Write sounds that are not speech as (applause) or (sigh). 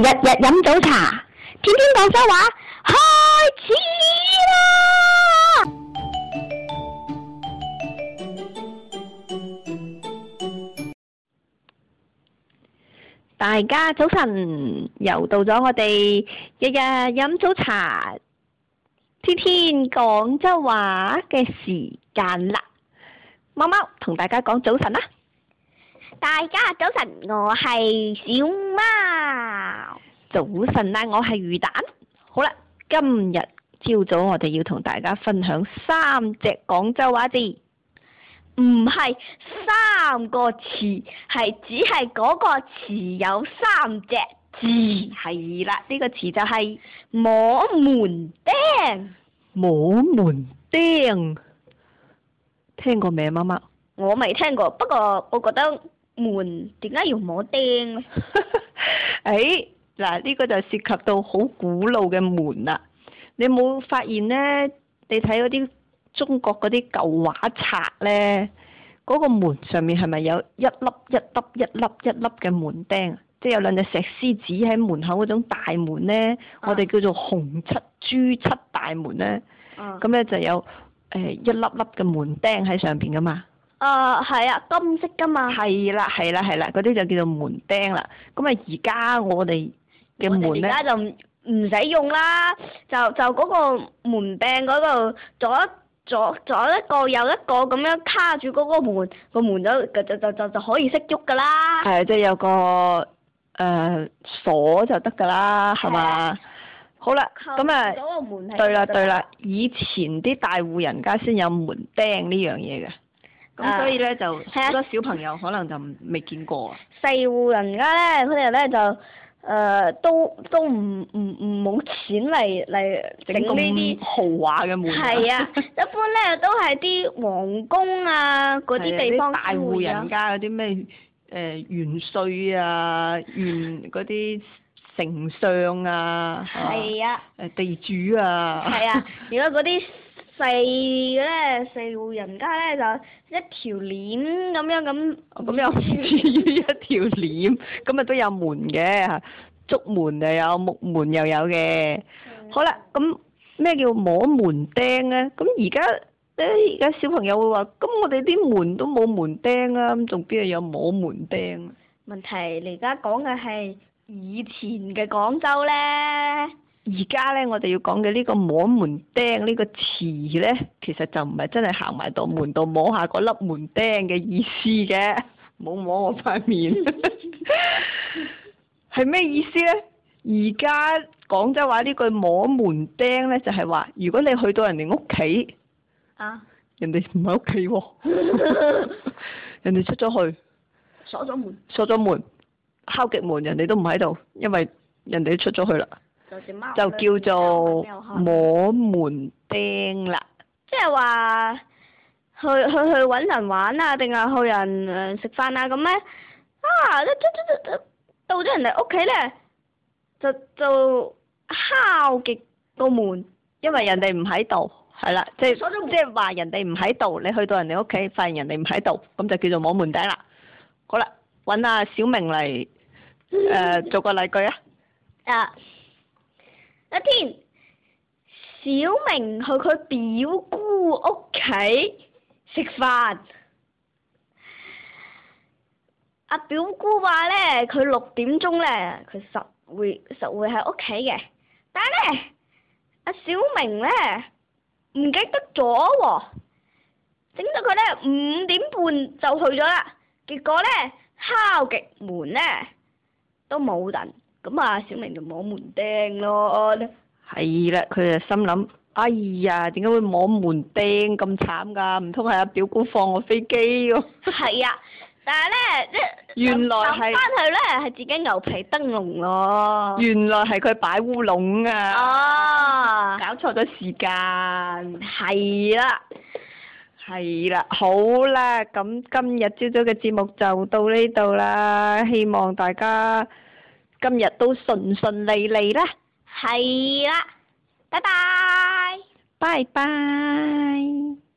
日日飲早茶，天天廣州話，開始啦！大家早晨，又到咗我哋日日飲早茶、天天廣州話嘅時間啦！貓貓同大家講早晨啦！大家早晨，我係小貓。早晨啦，我係魚蛋。好啦，今日朝早我哋要同大家分享三隻廣州話字，唔係三個詞，係只係嗰個詞有三隻字。係啦，呢個詞就係摸門釘。摸門釘，聽過未，媽媽？我未聽過，不過我覺得門點解要摸釘？誒、 (laughs) 哎。嗱，呢個就涉及到好古老嘅門啦。你冇發現呢？你睇嗰啲中國嗰啲舊畫冊呢，嗰個門上面係咪有一粒一粒一粒一粒嘅門釘？即係有兩隻石獅子喺門口嗰種大門呢。啊、我哋叫做紅漆朱漆大門呢。咁呢、啊，就有誒一粒粒嘅門釘喺上邊噶嘛。啊，係啊，金色噶嘛。係啦，係啦，係啦，嗰啲就叫做門釘啦。咁啊，而家我哋。門我哋而家就唔使用啦，就就嗰個門釘嗰度左左左一個右一個咁樣卡住嗰個門個門就就就就就可以識喐噶啦。係即係有個誒鎖、呃、就得噶啦，係嘛？的好啦了，咁啊，對啦對啦，以前啲大戶人家先有門釘呢樣嘢嘅。咁、嗯、所以咧，就好多小朋友可能就未見過啊。細戶人家咧，佢哋咧就。誒、呃、都都唔唔唔冇錢嚟嚟整呢啲豪華嘅門，啊。係 (laughs) 啊，一般咧都係啲皇宮啊嗰啲地方大戶戶人家嗰啲咩誒，元帥啊、元嗰啲丞相啊。係 (laughs) 啊。誒、啊、地主啊。係啊，如果嗰啲。 (laughs) 四咧，四戶人家咧就一條鏈咁樣咁，咁又 (laughs) (laughs) 一條鏈，咁咪都有門嘅嚇，竹門又有木門又有嘅。嗯、好啦，咁咩叫摸門釘咧？咁而家咧，而家小朋友會話，咁我哋啲門都冇門釘啦、啊，咁仲邊度有摸門釘啊？問題，你而家講嘅係以前嘅廣州咧。而家咧，我哋要講嘅呢個摸門釘呢個詞咧，其實就唔係真係行埋到門度摸下嗰粒門釘嘅意思嘅，冇摸我塊面，係 (laughs) 咩意思咧？而家廣州話呢句摸門釘咧，就係話如果你去到人哋屋企，啊，人哋唔喺屋企喎， (laughs) 人哋出咗去，鎖咗門，鎖咗門，敲極門，人哋都唔喺度，因為人哋出咗去啦。就叫做摸門釘啦，即係話去去去搵人玩啊，定係去人誒食飯啊咁咧，啊，都都都都到咗人哋屋企咧，就就敲極個門，因為人哋唔喺度，係啦，即係即係話人哋唔喺度，你去到人哋屋企發現人哋唔喺度，咁就叫做摸門釘啦。好啦，搵阿小明嚟誒做個例句啊。啊。一、啊、天，小明去佢表姑屋企食飯。阿、啊、表姑話咧，佢六點鐘咧，佢實會實會喺屋企嘅。但係咧，阿、啊、小明咧唔記得咗喎，整到佢咧五點半就去咗啦。結果咧，敲極門咧都冇人。咁啊，小明就摸門釘咯。係啦，佢就心諗：哎呀，點解會摸門釘咁慘噶？唔通係阿表姑放我飛機㗎？係啊，但係咧，一搭翻去咧係自己牛皮燈籠咯。原來係佢擺烏龍啊！哦，搞錯咗時間。係啦，係啦，好啦，咁今日朝早嘅節目就到呢度啦，希望大家～今日都順順利利啦，係啦，拜拜，拜拜。